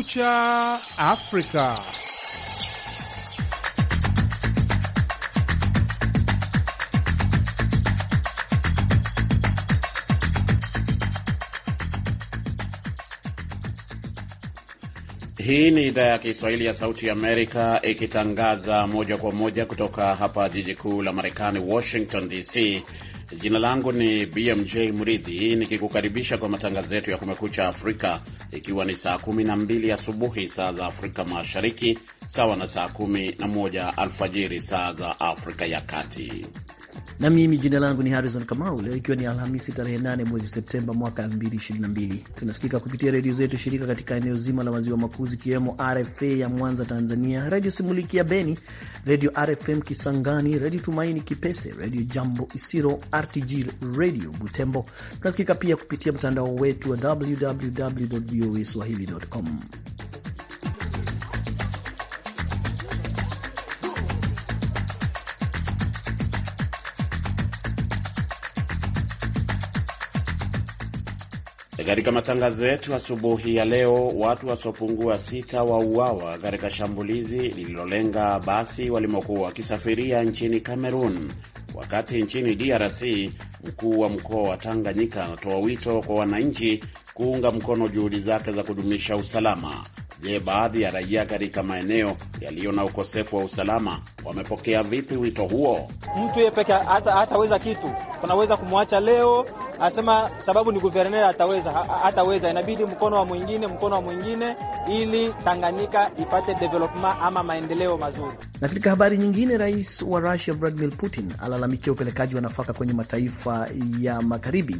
Kumekucha Afrika. Hii ni idhaa ya Kiswahili ya Sauti ya Amerika ikitangaza moja kwa moja kutoka hapa jiji kuu la Marekani, Washington DC. Jina langu ni BMJ Mridhi nikikukaribisha kwa matangazo yetu ya Kumekucha Afrika ikiwa ni saa 12 asubuhi saa za Afrika Mashariki, sawa na saa 11 alfajiri saa za Afrika ya Kati na mimi jina langu ni Harrison Kamau. Leo ikiwa ni Alhamisi tarehe 8 mwezi Septemba mwaka 2022, tunasikika kupitia redio zetu shirika katika eneo zima la maziwa makuu zikiwemo RFA ya Mwanza Tanzania, redio Simuliki ya Beni, redio RFM Kisangani, redio Tumaini Kipese, redio Jambo Isiro, RTG redio Butembo. Tunasikika pia kupitia mtandao wetu wa www voa swahili.com. Katika matangazo yetu asubuhi ya leo, watu wasiopungua sita wauawa katika shambulizi lililolenga basi walimokuwa wakisafiria nchini Kamerun, wakati nchini DRC mkuu wa mkoa wa Tanganyika anatoa wito kwa wananchi kuunga mkono juhudi zake za kudumisha usalama. Je, baadhi ya raia katika maeneo yaliyo na ukosefu wa usalama wamepokea vipi wito huo? Mtu yeye peke hataweza kitu, tunaweza kumwacha leo asema sababu ni guvernera, hataweza hataweza, inabidi mkono wa mwingine, mkono wa mwingine, ili Tanganyika ipate development ama maendeleo mazuri. Na katika habari nyingine, rais wa Russia Vladimir Putin alalamikia upelekaji wa nafaka kwenye mataifa ya magharibi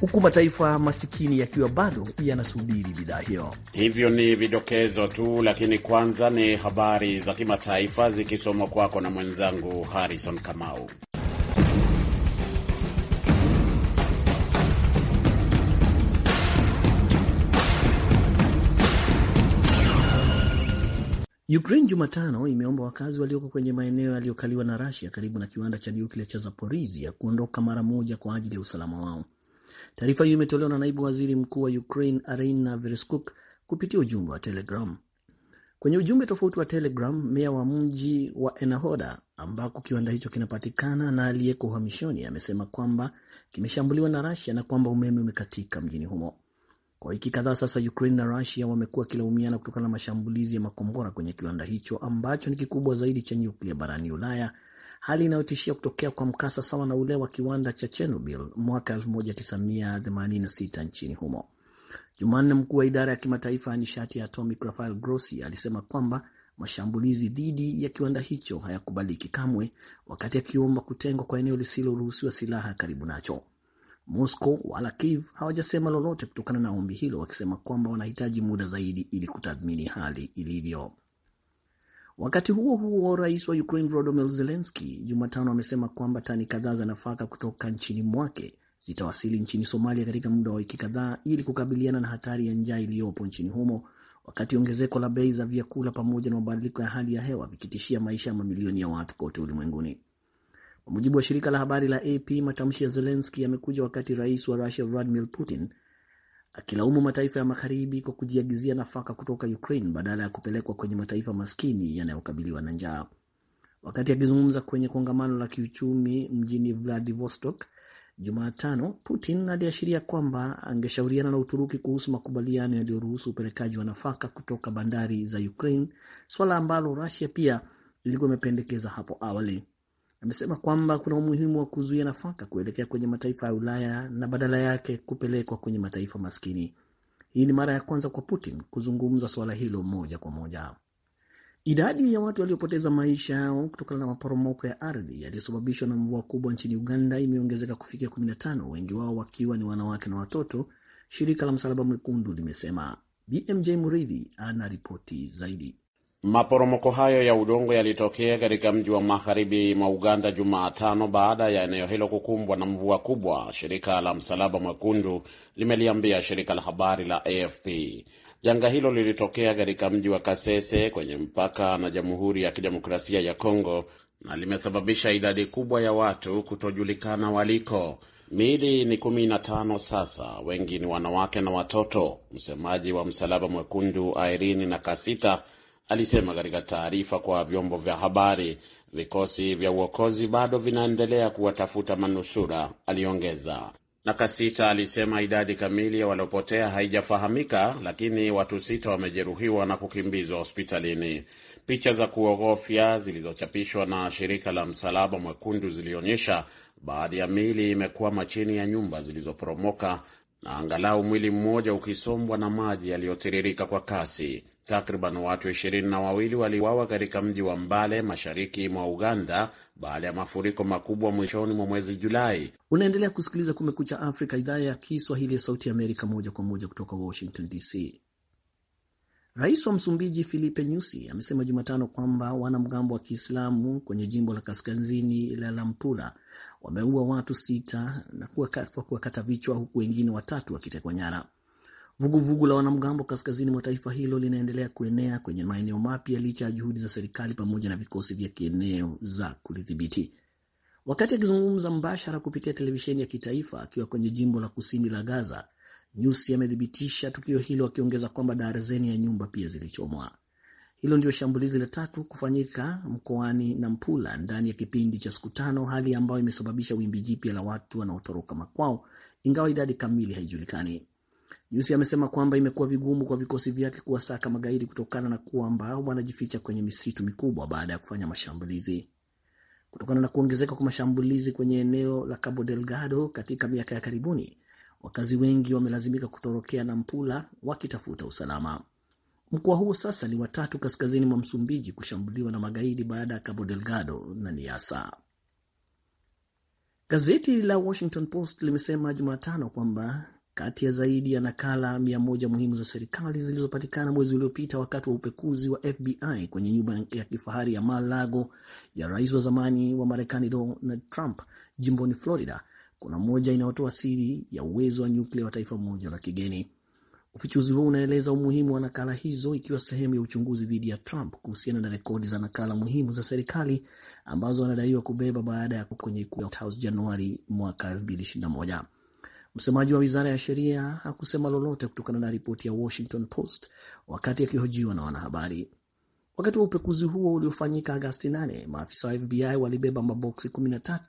huku mataifa masikini yakiwa bado yanasubiri bidhaa hiyo. Hivyo ni vidokezo tu, lakini kwanza ni habari za kimataifa zikisomwa kwako na mwenzangu Harrison Kamau. Ukraine Jumatano imeomba wakazi walioko kwenye maeneo yaliyokaliwa na Russia karibu na kiwanda cha nyuklia cha Zaporizhia kuondoka mara moja kwa ajili ya usalama wao. Taarifa hiyo imetolewa na naibu waziri mkuu wa Ukraine Arina Vereskuk kupitia ujumbe wa Telegram. Kwenye ujumbe tofauti wa Telegram, meya wa mji wa Enahoda ambako kiwanda hicho kinapatikana na aliyeko uhamishoni amesema kwamba kimeshambuliwa na Rasia na kwamba umeme umekatika mjini humo. Kwa wiki kadhaa sasa, Ukraine na Rasia wamekuwa wakilaumiana kutokana na mashambulizi ya makombora kwenye kiwanda hicho ambacho ni kikubwa zaidi cha nyuklia barani Ulaya hali inayotishia kutokea kwa mkasa sawa na ule wa kiwanda cha Chernobyl mwaka 1986 nchini humo. Jumanne, mkuu wa idara ya kimataifa ya nishati ya atomic Rafael Grossi alisema kwamba mashambulizi dhidi ya kiwanda hicho hayakubaliki kamwe, wakati akiomba kutengwa kwa eneo lisiloruhusiwa silaha karibu nacho. Moscow wala Kiev hawajasema lolote kutokana na ombi hilo, wakisema kwamba wanahitaji muda zaidi ili kutathmini hali ilivyo. Wakati huo huo, rais wa Ukraine Volodymyr Zelensky Jumatano amesema kwamba tani kadhaa za nafaka kutoka nchini mwake zitawasili nchini Somalia katika muda wa wiki kadhaa ili kukabiliana na hatari ya njaa iliyopo nchini humo, wakati ongezeko la bei za vyakula pamoja na mabadiliko ya hali ya hewa vikitishia maisha ya mamilioni ya watu kote ulimwenguni. Kwa mujibu wa shirika la habari la AP, matamshi ya Zelensky yamekuja wakati rais wa Russia Vladimir Putin akilaumu mataifa ya magharibi kwa kujiagizia nafaka kutoka Ukraine badala ya kupelekwa kwenye mataifa maskini yanayokabiliwa na njaa. Wakati akizungumza kwenye kongamano la kiuchumi mjini Vladivostok Jumatano, Putin aliashiria kwamba angeshauriana na Uturuki kuhusu makubaliano yaliyoruhusu upelekaji wa nafaka kutoka bandari za Ukraine, suala ambalo Rusia pia ilikuwa imependekeza hapo awali amesema kwamba kuna umuhimu wa kuzuia nafaka kuelekea kwenye mataifa ya Ulaya na badala yake kupelekwa kwenye mataifa maskini. Hii ni mara ya kwanza kwa Putin kuzungumza suala hilo moja kwa moja. Idadi ya watu waliopoteza maisha yao kutokana na maporomoko ya ardhi yaliyosababishwa na mvua kubwa nchini Uganda imeongezeka kufikia 15, wengi wao wakiwa ni wanawake na watoto, shirika la Msalaba Mwekundu limesema. BMJ Muridhi ana ripoti zaidi. Maporomoko hayo ya udongo yalitokea katika mji wa magharibi mwa Uganda Jumatano baada ya eneo hilo kukumbwa na mvua kubwa, shirika la Msalaba Mwekundu limeliambia shirika la habari la AFP. Janga hilo lilitokea katika mji wa Kasese kwenye mpaka na Jamhuri ya Kidemokrasia ya Kongo na limesababisha idadi kubwa ya watu kutojulikana waliko. Miili ni kumi na tano sasa, wengi ni wanawake na watoto. Msemaji wa Msalaba Mwekundu Irene Nakasita alisema katika taarifa kwa vyombo vya habari. Vikosi vya uokozi bado vinaendelea kuwatafuta manusura, aliongeza. Nakasita alisema idadi kamili ya waliopotea haijafahamika, lakini watu sita wamejeruhiwa na kukimbizwa hospitalini. Picha za kuogofya zilizochapishwa na shirika la Msalaba Mwekundu zilionyesha baadhi ya miili imekwama chini ya nyumba zilizoporomoka na angalau mwili mmoja ukisombwa na maji yaliyotiririka kwa kasi. Takriban watu ishirini na wawili waliuawa katika mji wa Mbale mashariki mwa Uganda baada ya mafuriko makubwa mwishoni mwa mwezi Julai. Unaendelea kusikiliza Kumekucha Afrika, idhaa ya Kiswahili ya Sauti ya Amerika, moja kwa moja kutoka Washington DC. Rais wa Msumbiji Filipe Nyusi amesema Jumatano kwamba wanamgambo wa Kiislamu kwenye jimbo la kaskazini la Lampula wameua watu sita na kuwakata vichwa huku wengine watatu wakitekwa nyara. Vuguvugu la wanamgambo kaskazini mwa taifa hilo linaendelea kuenea kwenye maeneo mapya licha ya juhudi za serikali pamoja na vikosi vya kieneo za kulidhibiti. Wakati akizungumza mbashara kupitia televisheni ya kitaifa akiwa kwenye jimbo la kusini la Gaza, Nyusi amethibitisha tukio hilo, akiongeza kwamba darzeni ya nyumba pia zilichomwa. Hilo ndio shambulizi la tatu kufanyika mkoani Nampula ndani ya kipindi cha siku tano, hali ambayo imesababisha wimbi jipya la watu wanaotoroka makwao, ingawa idadi kamili haijulikani. Nyusi amesema kwamba imekuwa vigumu kwa vikosi vyake kuwasaka magaidi kutokana na kwamba wanajificha kwenye misitu mikubwa baada ya kufanya mashambulizi. Kutokana na kuongezeka kwa mashambulizi kwenye eneo la Cabo Delgado katika miaka ya karibuni, wakazi wengi wamelazimika kutorokea Nampula wakitafuta usalama. Mkoa huo sasa ni watatu kaskazini mwa Msumbiji kushambuliwa na magaidi baada ya Cabo Delgado na Niasa. Gazeti la Washington Post limesema Jumatano kwamba kati ya zaidi ya nakala mia moja muhimu za serikali zilizopatikana mwezi uliopita wakati wa upekuzi wa FBI kwenye nyumba ya kifahari ya Mar-a-Lago ya rais wa zamani wa Marekani Donald Trump jimboni Florida, kuna moja inayotoa siri ya uwezo wa nyuklia wa taifa moja la kigeni. Ufichuzi huo unaeleza umuhimu wa nakala hizo ikiwa sehemu ya uchunguzi dhidi ya Trump kuhusiana na rekodi za nakala muhimu za serikali ambazo anadaiwa kubeba baada ya kwenye House Januari mwaka 2021. Msemaji wa wizara ya sheria hakusema lolote kutokana na ripoti ya Washington Post wakati akihojiwa na wanahabari. Wakati wa upekuzi huo uliofanyika Agasti 8, maafisa wa FBI walibeba maboksi 13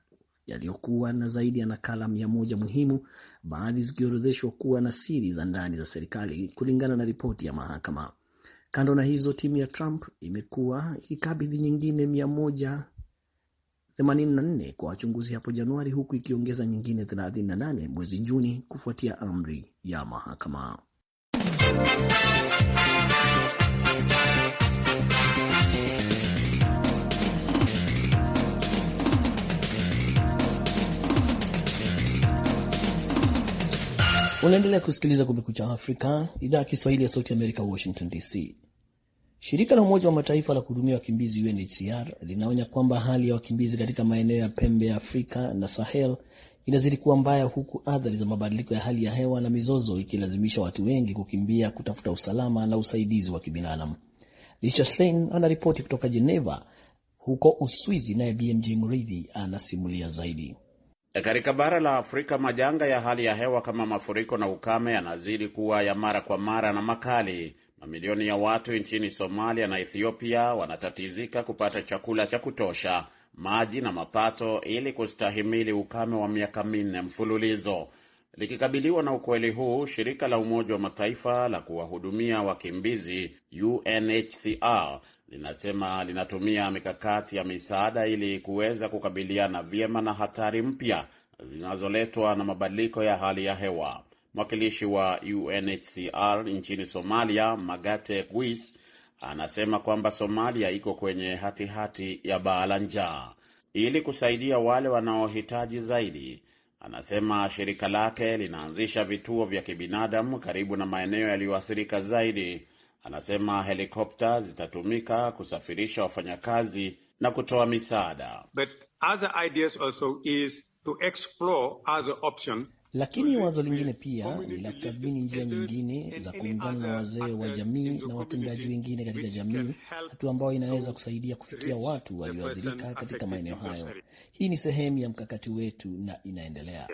yaliyokuwa na zaidi ya nakala 100 muhimu, baadhi zikiorodheshwa kuwa na siri za ndani za serikali, kulingana na ripoti ya mahakama. Kando na hizo, timu ya Trump imekuwa ikikabidhi nyingine 84 kwa wachunguzi hapo Januari, huku ikiongeza nyingine 38 mwezi Juni kufuatia amri ya mahakama. Unaendelea kusikiliza Kumekucha Afrika, idhaa ya Kiswahili ya Sauti ya Amerika, Washington DC. Shirika la Umoja wa Mataifa la kuhudumia wakimbizi UNHCR linaonya kwamba hali ya wakimbizi katika maeneo ya pembe ya Afrika na Sahel inazidi kuwa mbaya, huku athari za mabadiliko ya hali ya hewa na mizozo ikilazimisha watu wengi kukimbia kutafuta usalama na usaidizi wa kibinadamu. Lisha Schlein anaripoti kutoka Geneva huko Uswizi, naye BMJ Mridhi anasimulia zaidi. E, katika bara la Afrika, majanga ya hali ya hewa kama mafuriko na ukame yanazidi kuwa ya mara kwa mara na makali Mamilioni ya watu nchini Somalia na Ethiopia wanatatizika kupata chakula cha kutosha, maji na mapato ili kustahimili ukame wa miaka minne mfululizo. Likikabiliwa na ukweli huu, shirika la Umoja wa Mataifa la kuwahudumia wakimbizi UNHCR linasema linatumia mikakati ya misaada ili kuweza kukabiliana vyema na hatari mpya zinazoletwa na mabadiliko ya hali ya hewa. Mwakilishi wa UNHCR nchini Somalia, Magate Guis, anasema kwamba Somalia iko kwenye hatihati hati ya baa la njaa. Ili kusaidia wale wanaohitaji zaidi, anasema shirika lake linaanzisha vituo vya kibinadamu karibu na maeneo yaliyoathirika zaidi. Anasema helikopta zitatumika kusafirisha wafanyakazi na kutoa misaada. But other ideas also is to explore other lakini wazo lingine pia ni la kutathmini njia nyingine za kuungana na wazee wa jamii na watendaji wengine katika jamii, hatua ambayo inaweza kusaidia kufikia watu walioathirika katika maeneo hayo. Hii ni sehemu ya mkakati wetu na inaendelea.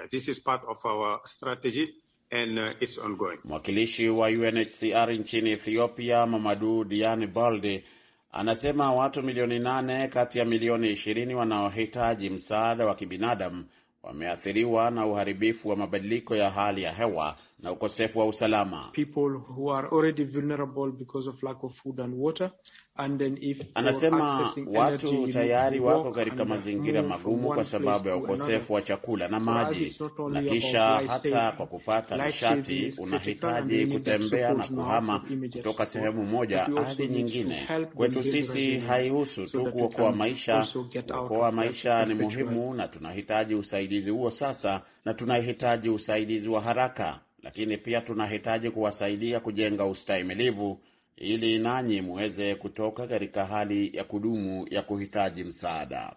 Uh, Mwakilishi wa UNHCR nchini Ethiopia, Mamadu Diani Balde, anasema watu milioni nane kati ya milioni ishirini wanaohitaji msaada wa kibinadamu wameathiriwa na uharibifu wa mabadiliko ya hali ya hewa na ukosefu wa usalama. Anasema watu tayari wako katika mazingira magumu kwa sababu ya ukosefu wa chakula na maji, na kisha hata kwa kupata nishati unahitaji kutembea na kuhama kutoka sehemu moja hadi nyingine. Kwetu sisi haihusu tu kuokoa maisha. Kuokoa maisha ni muhimu, na tunahitaji usaidizi huo sasa, na tunahitaji usaidizi wa haraka lakini pia tunahitaji kuwasaidia kujenga ustahimilivu ili nanyi muweze kutoka katika hali ya kudumu ya kuhitaji msaada.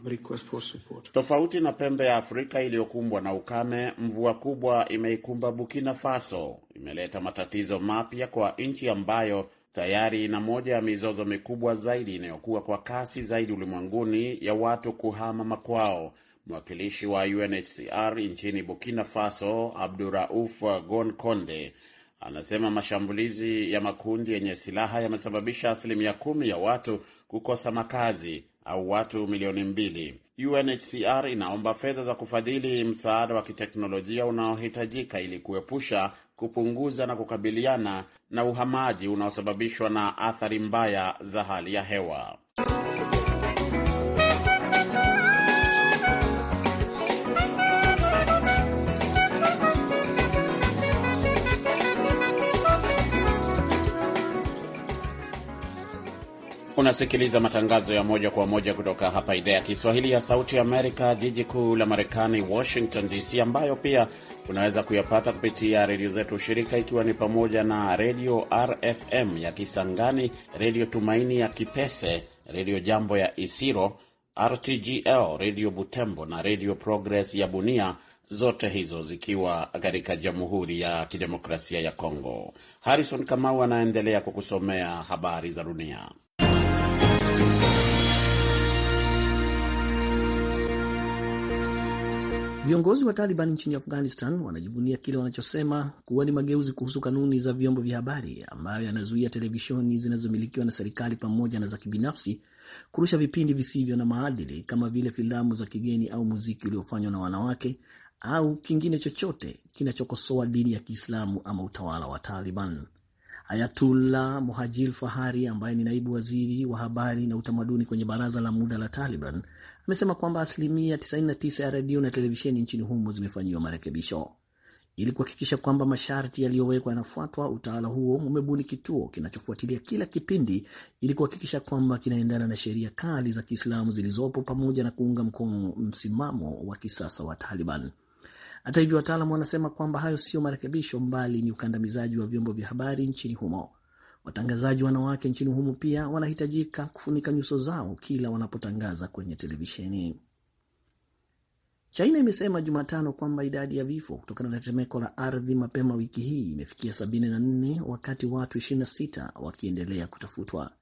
Tofauti na pembe ya Afrika iliyokumbwa na ukame, mvua kubwa imeikumba Burkina Faso, imeleta matatizo mapya kwa nchi ambayo tayari ina moja ya mizozo mikubwa zaidi inayokuwa kwa kasi zaidi ulimwenguni ya watu kuhama makwao Mwakilishi wa UNHCR nchini Burkina Faso, Abdurauf Gonkonde, anasema mashambulizi ya makundi yenye silaha yamesababisha asilimia kumi ya watu kukosa makazi au watu milioni mbili. UNHCR inaomba fedha za kufadhili msaada wa kiteknolojia unaohitajika ili kuepusha, kupunguza na kukabiliana na uhamaji unaosababishwa na athari mbaya za hali ya hewa. Unasikiliza matangazo ya moja kwa moja kutoka hapa idhaa ya Kiswahili ya Sauti ya Amerika, jiji kuu la Marekani, Washington DC, ambayo pia unaweza kuyapata kupitia redio zetu shirika, ikiwa ni pamoja na redio RFM ya Kisangani, redio Tumaini ya Kipese, redio Jambo ya Isiro, RTGL redio Butembo na redio Progress ya Bunia, zote hizo zikiwa katika Jamhuri ya Kidemokrasia ya congo Harrison Kamau anaendelea kukusomea habari za dunia. Viongozi wa Taliban nchini Afghanistan wanajivunia kile wanachosema kuwa ni mageuzi kuhusu kanuni za vyombo vya habari ambayo yanazuia televisheni zinazomilikiwa na serikali pamoja na za kibinafsi kurusha vipindi visivyo na maadili kama vile filamu za kigeni au muziki uliofanywa na wanawake au kingine chochote kinachokosoa dini ya Kiislamu ama utawala wa Taliban. Ayatullah Muhajir Fahari ambaye ni naibu waziri wa habari na utamaduni kwenye baraza la muda la Taliban amesema kwamba asilimia 99 ya redio na televisheni nchini humo zimefanyiwa marekebisho ili kuhakikisha kwamba masharti yaliyowekwa yanafuatwa. Utawala huo umebuni kituo kinachofuatilia kila kipindi ili kuhakikisha kwamba kinaendana na sheria kali za Kiislamu zilizopo pamoja na kuunga mkono msimamo wa kisasa wa Taliban. Hata hivyo, wataalamu wanasema kwamba hayo sio marekebisho, mbali ni ukandamizaji wa vyombo vya habari nchini humo. Watangazaji wanawake nchini humo pia wanahitajika kufunika nyuso zao kila wanapotangaza kwenye televisheni. China imesema Jumatano kwamba idadi ya vifo kutokana na tetemeko la ardhi mapema wiki hii imefikia 74 wakati watu 26 wakiendelea kutafutwa.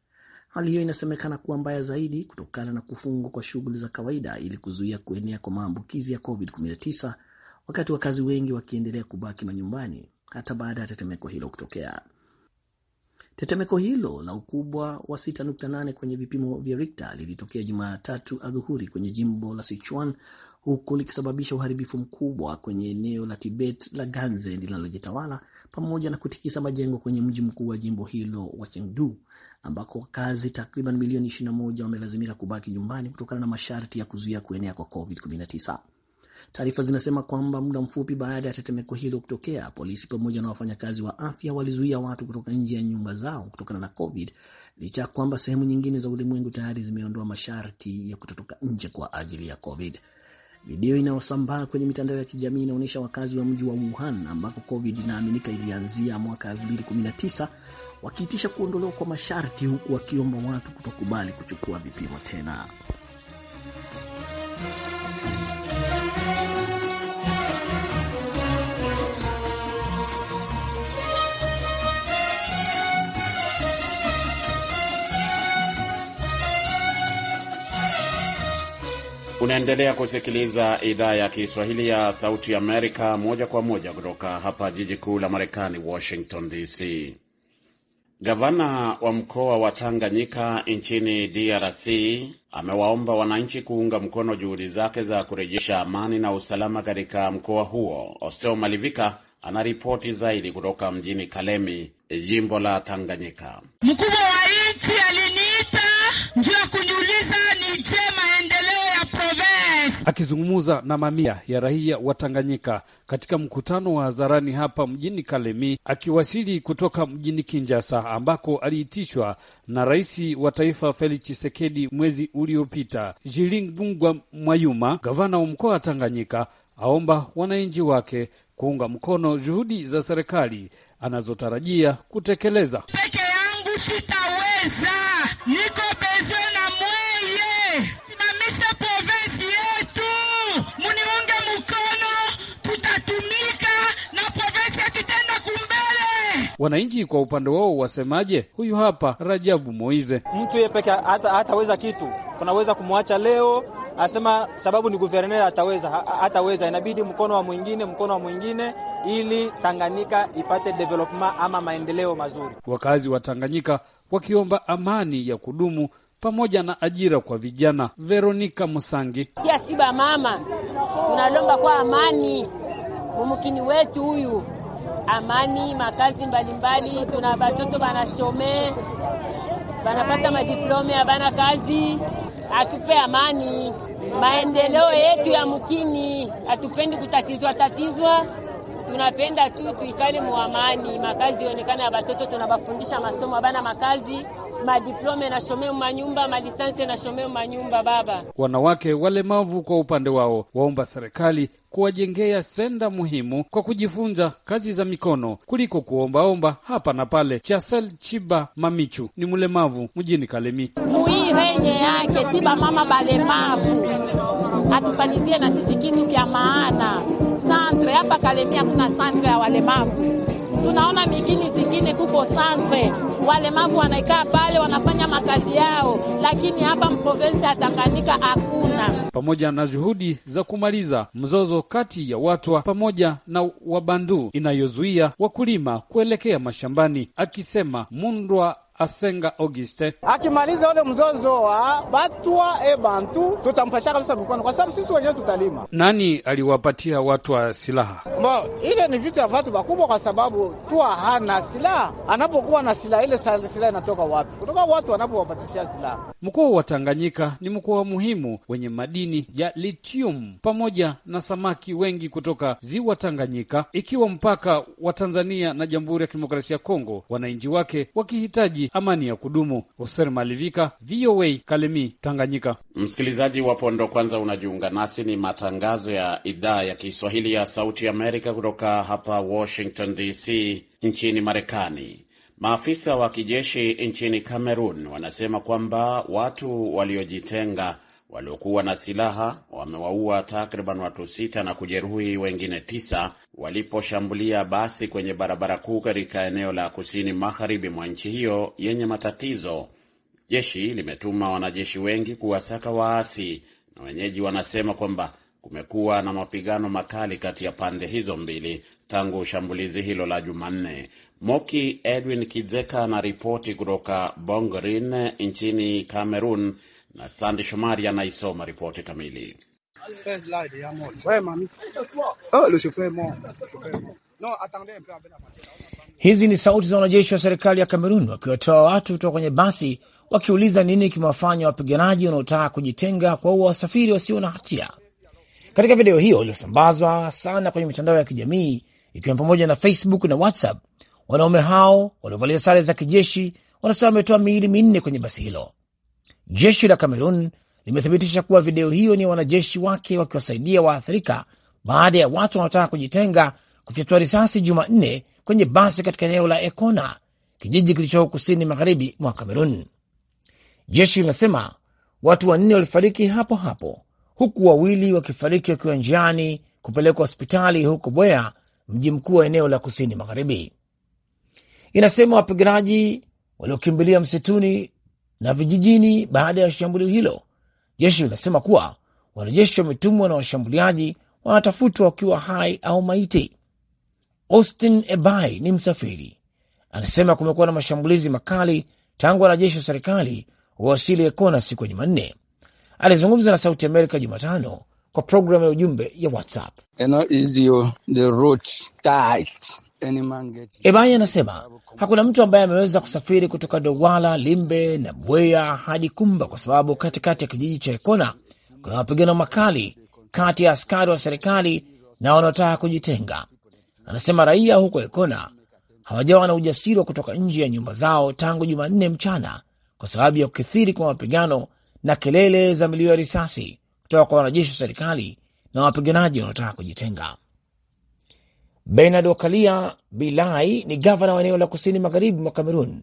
Hali hiyo inasemekana kuwa mbaya zaidi kutokana na kufungwa kwa shughuli za kawaida ili kuzuia kuenea kwa maambukizi ya COVID-19, wakati wakazi wengi wakiendelea kubaki manyumbani hata baada ya tetemeko hilo kutokea. Tetemeko hilo la ukubwa wa 6.8 kwenye vipimo vya Richter lilitokea Jumatatu adhuhuri kwenye jimbo la Sichuan, huku likisababisha uharibifu mkubwa kwenye eneo la Tibet la ganze linalojitawala pamoja na kutikisa majengo kwenye mji mkuu wa jimbo hilo wa Chengdu, ambako wakazi takriban milioni 21 wamelazimika kubaki nyumbani kutokana na masharti ya kuzuia kuenea kwa COVID-19. Taarifa zinasema kwamba muda mfupi baada ya tetemeko hilo kutokea, polisi pamoja na wafanyakazi wa afya walizuia watu kutoka nje ya nyumba zao kutokana na COVID, licha ya kwamba sehemu nyingine za ulimwengu tayari zimeondoa masharti ya kutotoka nje kwa ajili ya COVID. Video inayosambaa kwenye mitandao ya kijamii inaonyesha wakazi wa mji wa Wuhan ambako COVID inaaminika ilianzia mwaka 2019 wakiitisha kuondolewa kwa masharti, huku wakiomba watu kutokubali kuchukua vipimo tena. Unaendelea kusikiliza idhaa ya Kiswahili ya Sauti Amerika moja kwa moja kutoka hapa jiji kuu la Marekani, Washington DC. Gavana wa mkoa wa Tanganyika nchini DRC amewaomba wananchi kuunga mkono juhudi zake za kurejesha amani na usalama katika mkoa huo. Osteo Malivika anaripoti zaidi kutoka mjini Kalemi, jimbo la Tanganyika. Mkubwa wa nchi aliniita njuu ya ni jema Akizungumza na mamia ya raia wa Tanganyika katika mkutano wa hadharani hapa mjini Kalemi, akiwasili kutoka mjini kinjasa ambako aliitishwa na rais wa taifa Felix chisekedi mwezi uliopita, jilingungwa Mwayuma, gavana wa mkoa wa Tanganyika, aomba wananchi wake kuunga mkono juhudi za serikali anazotarajia kutekeleza. Peke yangu sitaweza, niko Wananchi kwa upande wao wasemaje? Huyu hapa Rajabu Moize. Mtu yeye peke hata hataweza kitu, tunaweza kumwacha leo asema sababu ni guvernera ataweza hataweza, inabidi mkono wa mwingine, mkono wa mwingine, ili Tanganyika ipate development ama maendeleo mazuri. Wakazi wa Tanganyika wakiomba amani ya kudumu pamoja na ajira kwa vijana. Veronika Musangi siba mama tunalomba kwa amani mumkini wetu huyu amani makazi mbalimbali. Tuna batoto banashome banapata madiplome abana kazi. Atupe amani maendeleo yetu ya mukini, atupendi kutatizwa tatizwa tunapenda tu tuikale muamani, makazi ionekana ya batoto, tunabafundisha masomo, abana makazi madiplome na shomeo manyumba malisansi na shomeo manyumba. Baba, wanawake walemavu kwa upande wao waomba serikali kuwajengea senda muhimu kwa kujifunza kazi za mikono kuliko kuombaomba hapa na pale. Chasel Chiba Mamichu ni mlemavu mjini Kalemi. muii henye yake si bamama balemavu atufanyizie na sisi kitu kya maana centre hapa Kalemia, kuna centre ya walemavu. Tunaona mingini zingine kuko santre walemavu wanaikaa pale wanafanya makazi yao, lakini hapa mprovensi ya Tanganyika hakuna. Pamoja na juhudi za kumaliza mzozo kati ya Watwa pamoja na Wabandu inayozuia wakulima kuelekea mashambani, akisema Mundwa Asenga Auguste akimaliza ule mzozo wa batwa e bantu tutampasha kabisa mikono, kwa sababu sisi wenyewe tutalima. Nani aliwapatia watu wa silaha? Mba, ile ni vitu ya vatu vakubwa kwa sababu twa hana silaha. Anapokuwa na silaha, ile silaha inatoka wapi? Kutoka watu wanapowapatishia silaha. Mkoa wa Tanganyika ni mkoa muhimu wenye madini ya lithium pamoja na samaki wengi kutoka ziwa Tanganyika, ikiwa mpaka wa Tanzania na Jamhuri ya Kidemokrasia ya Kongo, wananchi wake wakihitaji amani ya kudumu. Hoser Malivika, VOA Kalemi, Tanganyika. Msikilizaji wapo ndo kwanza unajiunga nasi, ni matangazo ya idhaa ya Kiswahili ya Sauti Amerika kutoka hapa Washington DC nchini Marekani. Maafisa wa kijeshi nchini cameroon wanasema kwamba watu waliojitenga waliokuwa na silaha wamewaua takriban watu sita na kujeruhi wengine tisa waliposhambulia basi kwenye barabara kuu katika eneo la kusini magharibi mwa nchi hiyo yenye matatizo. Jeshi limetuma wanajeshi wengi kuwasaka waasi na wenyeji wanasema kwamba kumekuwa na mapigano makali kati ya pande hizo mbili tangu shambulizi hilo la Jumanne. Moki Edwin Kizeka anaripoti kutoka bongrin nchini Cameroon na Sande Shomari anaisoma ripoti kamili. Oh, Hizi ni sauti za wanajeshi wa serikali ya Kamerun wakiwatoa watu kutoka kwenye basi wakiuliza nini kimewafanya wapiganaji wanaotaka kujitenga kwa uwa wasafiri wasio na hatia. Katika video hiyo iliyosambazwa sana kwenye mitandao ya kijamii ikiwa pamoja na Facebook na WhatsApp, wanaume hao waliovalia sare za kijeshi wanasema wametoa miili minne kwenye basi hilo. Jeshi la cameron limethibitisha kuwa video hiyo ni wanajeshi wake wakiwasaidia waathirika baada ya watu wanaotaka kujitenga kufyatua risasi Jumanne kwenye basi katika eneo la Ekona, kijiji kilichoko kusini magharibi mwa Kamerun. Jeshi linasema watu wanne walifariki hapo hapo, huku wawili wakifariki wakiwa njiani kupelekwa hospitali huko Bwea, mji mkuu wa eneo la kusini magharibi. Inasema wapiganaji waliokimbilia msituni na vijijini baada ya shambulio hilo. Jeshi linasema kuwa wanajeshi wametumwa na washambuliaji wanatafutwa wakiwa hai au maiti. Austin Ebai ni msafiri, anasema kumekuwa na mashambulizi makali tangu wanajeshi wa serikali wawasili Ekona siku ya Jumanne. Alizungumza na Sauti Amerika Jumatano kwa programu ya ujumbe ya WhatsApp. Ebai anasema hakuna mtu ambaye ameweza kusafiri kutoka Douala, Limbe na Bweya hadi Kumba kwa sababu katikati ya kijiji cha Ekona kuna mapigano makali kati ya askari wa serikali na wanaotaka kujitenga. Anasema raia huko Ekona hawajawa na ujasiri wa kutoka nje ya nyumba zao tangu Jumanne mchana kwa sababu ya kukithiri kwa mapigano na kelele za milio ya risasi kutoka kwa wanajeshi wa serikali na wapiganaji wanaotaka kujitenga. Benard Wakalia Bilai ni gavana wa eneo la kusini magharibi mwa Kamerun,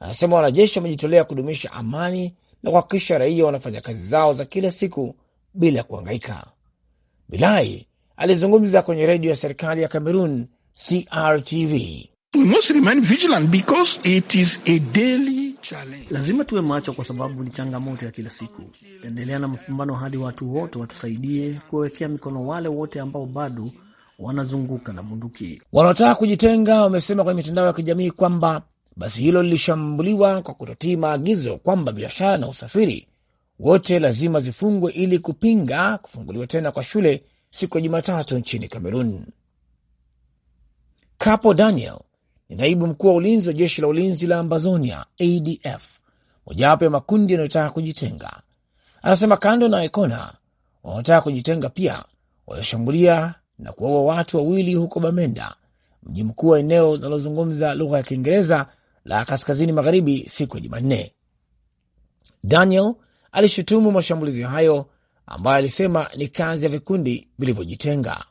anasema wanajeshi wamejitolea kudumisha amani na kuhakikisha raia wanafanya kazi zao za kila siku bila kuhangaika. Bilai alizungumza kwenye redio ya serikali ya Kamerun, CRTV. We must remain vigilant because it is a daily challenge. Lazima tuwe macho kwa sababu ni changamoto ya kila siku. Endelea na mapambano hadi watu wote watusaidie kuwawekea mikono wale wote ambao bado wanazunguka na bunduki. Wanaotaka kujitenga wamesema kwenye mitandao ya kijamii kwamba basi hilo lilishambuliwa kwa kutotii maagizo kwamba biashara na usafiri wote lazima zifungwe ili kupinga kufunguliwa tena kwa shule siku ya Jumatatu nchini Kamerun. Capo Daniel ni naibu mkuu wa ulinzi wa jeshi la ulinzi la Ambazonia, ADF, mojawapo ya makundi yanayotaka kujitenga. Anasema kando na Econa wanaotaka kujitenga pia walioshambulia na kuwaua watu wawili huko Bamenda, mji mkuu wa eneo linalozungumza lugha ya Kiingereza la kaskazini magharibi, siku ya Jumanne. Daniel alishutumu mashambulizi hayo ambayo alisema ni kazi ya vikundi vilivyojitenga.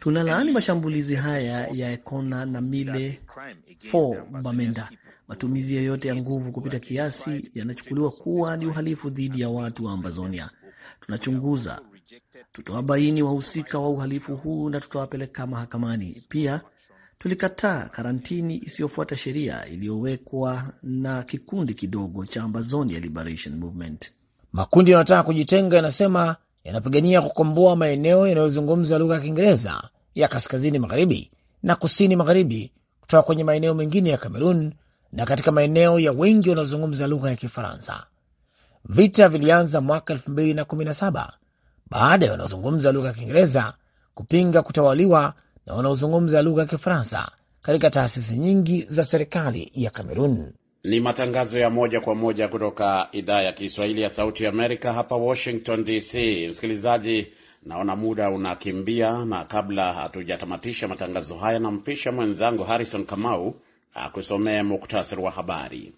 Tunalaani mashambulizi haya ya Ekona na Mile 4 Bamenda Matumizi yoyote ya nguvu kupita kiasi yanachukuliwa kuwa ni uhalifu dhidi ya watu wa Ambazonia. Tunachunguza, tutawabaini wahusika wa uhalifu huu na tutawapeleka mahakamani. Pia tulikataa karantini isiyofuata sheria iliyowekwa na kikundi kidogo cha Ambazonia Liberation Movement. Makundi yanayotaka kujitenga yanasema yanapigania kukomboa maeneo yanayozungumza lugha ya Kiingereza ya kaskazini magharibi na kusini magharibi kutoka kwenye maeneo mengine ya Kamerun na katika maeneo ya wengi wanaozungumza lugha ya Kifaransa. Vita vilianza mwaka 2017 baada ya wanaozungumza lugha ya Kiingereza kupinga kutawaliwa na wanaozungumza lugha ya Kifaransa katika taasisi nyingi za serikali ya Kamerun. Ni matangazo ya moja kwa moja kutoka idhaa ya Kiswahili ya Sauti ya Amerika hapa Washington DC. Msikilizaji, naona muda unakimbia, na kabla hatujatamatisha matangazo haya, nampisha mwenzangu Harrison Kamau akusomea muktasari wa habari.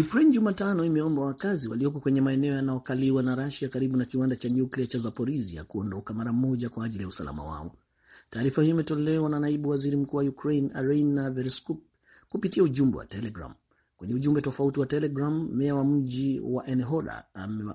Ukraine Jumatano imeomba wakazi walioko kwenye maeneo yanayokaliwa na Rasia karibu na kiwanda cha nyuklia cha Zaporizhia kuondoka mara moja kwa ajili ya usalama wao. Taarifa hiyo imetolewa na naibu waziri mkuu wa Ukraine Arina Vereshchuk kupitia ujumbe wa Telegram. Kwenye ujumbe tofauti wa Telegram, meya wa mji wa Enhoda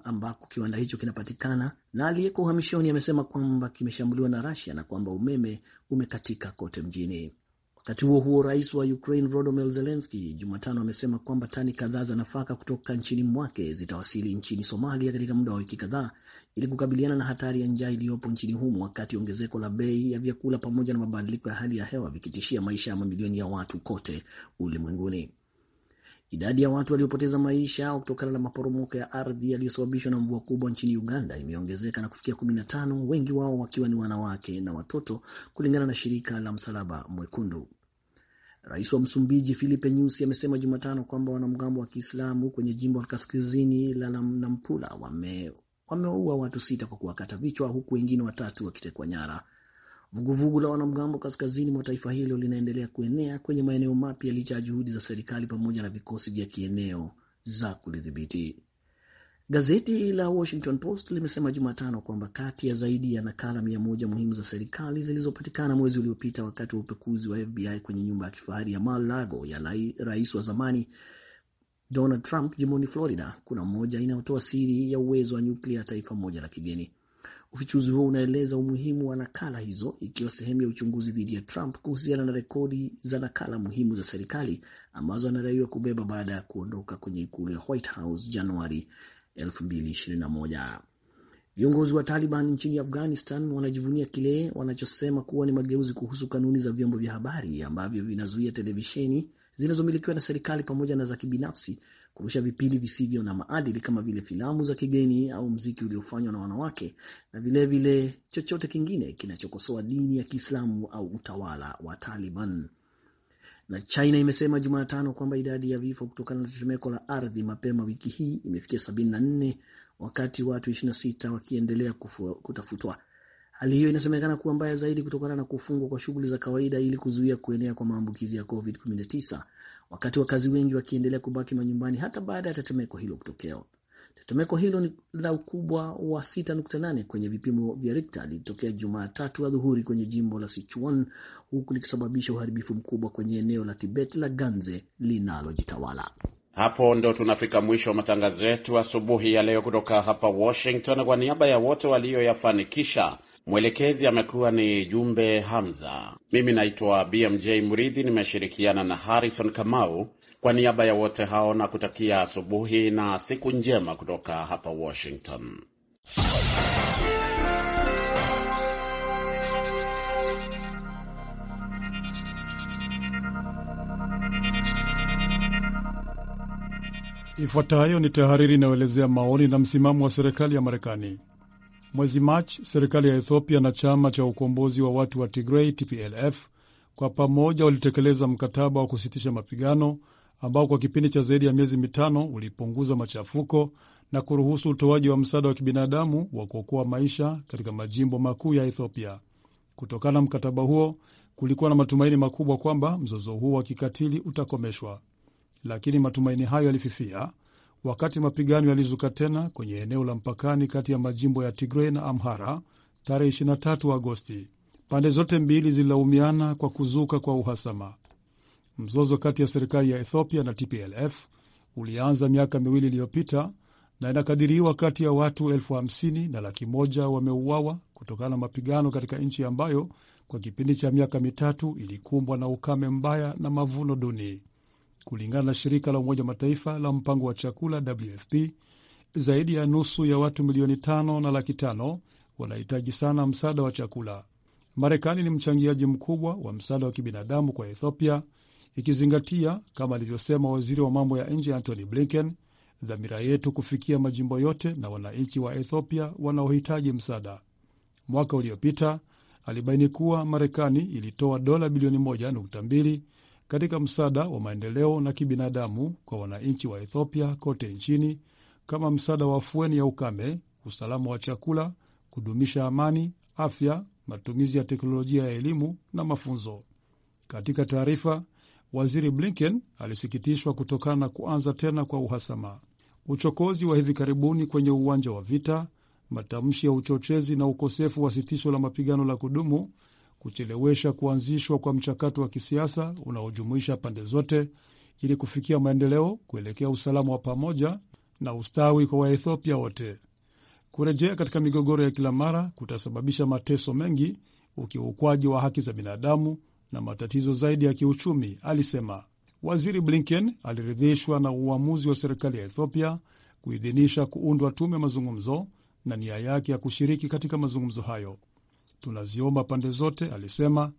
ambako kiwanda hicho kinapatikana na aliyeko uhamishoni amesema kwamba kimeshambuliwa na Russia na kwamba umeme umekatika kote mjini. Wakati huo huo, rais wa Ukraine Volodymyr Zelensky Jumatano amesema kwamba tani kadhaa za nafaka kutoka nchini mwake zitawasili nchini Somalia katika muda wa wiki kadhaa ili kukabiliana na hatari ya njaa iliyopo nchini humo, wakati ongezeko la bei ya vyakula pamoja na mabadiliko ya hali ya hewa vikitishia maisha ya mamilioni ya watu kote ulimwenguni. Idadi ya watu waliopoteza maisha kutokana na maporomoko ya ardhi yaliyosababishwa na mvua kubwa nchini Uganda imeongezeka na kufikia 15, wengi wao wakiwa ni wanawake na watoto, kulingana na shirika la Msalaba Mwekundu. Rais wa Msumbiji Filipe Nyusi amesema Jumatano kwamba wanamgambo wa Kiislamu kwenye jimbo la kaskazini la Nampula wame watu sita kwa kuwakata vichwa huku wengine watatu wakitekwa nyara. Vuguvugu la wanamgambo kaskazini mwa taifa hilo linaendelea kuenea kwenye maeneo mapya licha ya juhudi za serikali pamoja na vikosi vya kieneo za kulidhibiti. Gazeti la Washington Post limesema Jumatano kwamba kati ya zaidi ya nakala mia moja muhimu za serikali zilizopatikana mwezi uliopita wakati wa upekuzi wa FBI kwenye nyumba ya kifahari ya Mar-a-Lago ya rais wa zamani Donald Trump jimboni Florida, kuna moja inayotoa siri ya uwezo wa nyuklia taifa moja la kigeni. Ufichuzi huo unaeleza umuhimu wa nakala hizo ikiwa sehemu ya uchunguzi dhidi ya Trump kuhusiana na rekodi za nakala muhimu za serikali ambazo anadaiwa kubeba baada ya kuondoka kwenye ikulu ya White House Januari 2021. Viongozi wa Taliban nchini Afghanistan wanajivunia kile wanachosema kuwa ni mageuzi kuhusu kanuni za vyombo vya habari ambavyo vinazuia televisheni zinazomilikiwa na serikali pamoja na za kibinafsi kurusha vipindi visivyo na maadili kama vile filamu za kigeni au mziki uliofanywa na wanawake na vilevile vile chochote kingine kinachokosoa dini ya Kiislamu au utawala wa Taliban. Na China imesema Jumatano kwamba idadi ya vifo kutokana na tetemeko la ardhi mapema wiki hii imefikia 74 wakati watu 26 wakiendelea kutafutwa. Hali hiyo inasemekana kuwa mbaya zaidi kutokana na kufungwa kwa shughuli za kawaida ili kuzuia kuenea kwa maambukizi ya COVID-19 wakati wakazi wengi wakiendelea kubaki manyumbani hata baada ya tetemeko hilo kutokea. Tetemeko hilo ni la ukubwa wa 6.8 kwenye vipimo vya Richter lilitokea Jumatatu adhuhuri kwenye jimbo la Sichuan, huku likisababisha uharibifu mkubwa kwenye eneo la Tibet la Ganze linalojitawala. Hapo ndo tunafika mwisho wa matangazo yetu asubuhi ya leo kutoka hapa Washington. Kwa niaba ya wote walioyafanikisha Mwelekezi amekuwa ni Jumbe Hamza. Mimi naitwa BMJ Mridhi, nimeshirikiana na Harrison Kamau kwa niaba ya wote hao na kutakia asubuhi na siku njema kutoka hapa Washington. Ifuatayo ni tahariri inayoelezea maoni na msimamo wa serikali ya Marekani. Mwezi Machi, serikali ya Ethiopia na chama cha ukombozi wa watu wa Tigrei, TPLF, kwa pamoja walitekeleza mkataba wa kusitisha mapigano ambao kwa kipindi cha zaidi ya miezi mitano ulipunguza machafuko na kuruhusu utoaji wa msaada wa kibinadamu wa kuokoa maisha katika majimbo makuu ya Ethiopia. Kutokana na mkataba huo, kulikuwa na matumaini makubwa kwamba mzozo huo wa kikatili utakomeshwa, lakini matumaini hayo yalififia wakati mapigano yalizuka tena kwenye eneo la mpakani kati ya majimbo ya Tigrei na Amhara tarehe 23 Agosti. Pande zote mbili zililaumiana kwa kuzuka kwa uhasama. Mzozo kati ya serikali ya Ethiopia na TPLF ulianza miaka miwili iliyopita na inakadiriwa kati ya watu elfu hamsini na laki moja wameuawa kutokana na mapigano katika nchi ambayo kwa kipindi cha miaka mitatu ilikumbwa na ukame mbaya na mavuno duni. Kulingana na shirika la Umoja wa Mataifa la mpango wa chakula WFP, zaidi ya nusu ya watu milioni tano na laki tano wanahitaji sana msaada wa chakula. Marekani ni mchangiaji mkubwa wa msaada wa kibinadamu kwa Ethiopia, ikizingatia kama alivyosema waziri wa mambo ya nje Antony Blinken, dhamira yetu kufikia majimbo yote na wananchi wa Ethiopia wanaohitaji msaada. Mwaka uliopita alibaini kuwa Marekani ilitoa dola bilioni 1.2 katika msaada wa maendeleo na kibinadamu kwa wananchi wa Ethiopia kote nchini kama msaada wa afueni ya ukame, usalama wa chakula, kudumisha amani, afya, matumizi ya teknolojia ya elimu na mafunzo. Katika taarifa, Waziri Blinken alisikitishwa kutokana na kuanza tena kwa uhasama, uchokozi wa hivi karibuni kwenye uwanja wa vita, matamshi ya uchochezi na ukosefu wa sitisho la mapigano la kudumu kuchelewesha kuanzishwa kwa mchakato wa kisiasa unaojumuisha pande zote ili kufikia maendeleo kuelekea usalama wa pamoja na ustawi kwa Waethiopia wote. Kurejea katika migogoro ya kila mara kutasababisha mateso mengi, ukiukwaji wa haki za binadamu na matatizo zaidi ya kiuchumi, alisema. Waziri Blinken aliridhishwa na uamuzi wa serikali ya Ethiopia kuidhinisha kuundwa tume mazungumzo na nia yake ya kushiriki katika mazungumzo hayo tunaziomba pande zote, alisema,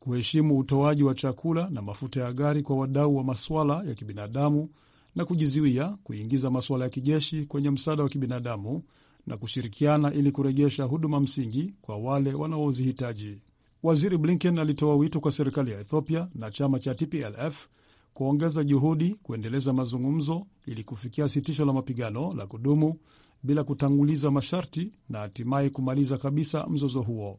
kuheshimu utoaji wa chakula na mafuta ya gari kwa wadau wa masuala ya kibinadamu na kujizuia kuingiza masuala ya kijeshi kwenye msaada wa kibinadamu na kushirikiana ili kurejesha huduma msingi kwa wale wanaozihitaji. Waziri Blinken alitoa wito kwa serikali ya Ethiopia na chama cha TPLF kuongeza juhudi kuendeleza mazungumzo ili kufikia sitisho la mapigano la kudumu bila kutanguliza masharti na hatimaye kumaliza kabisa mzozo huo.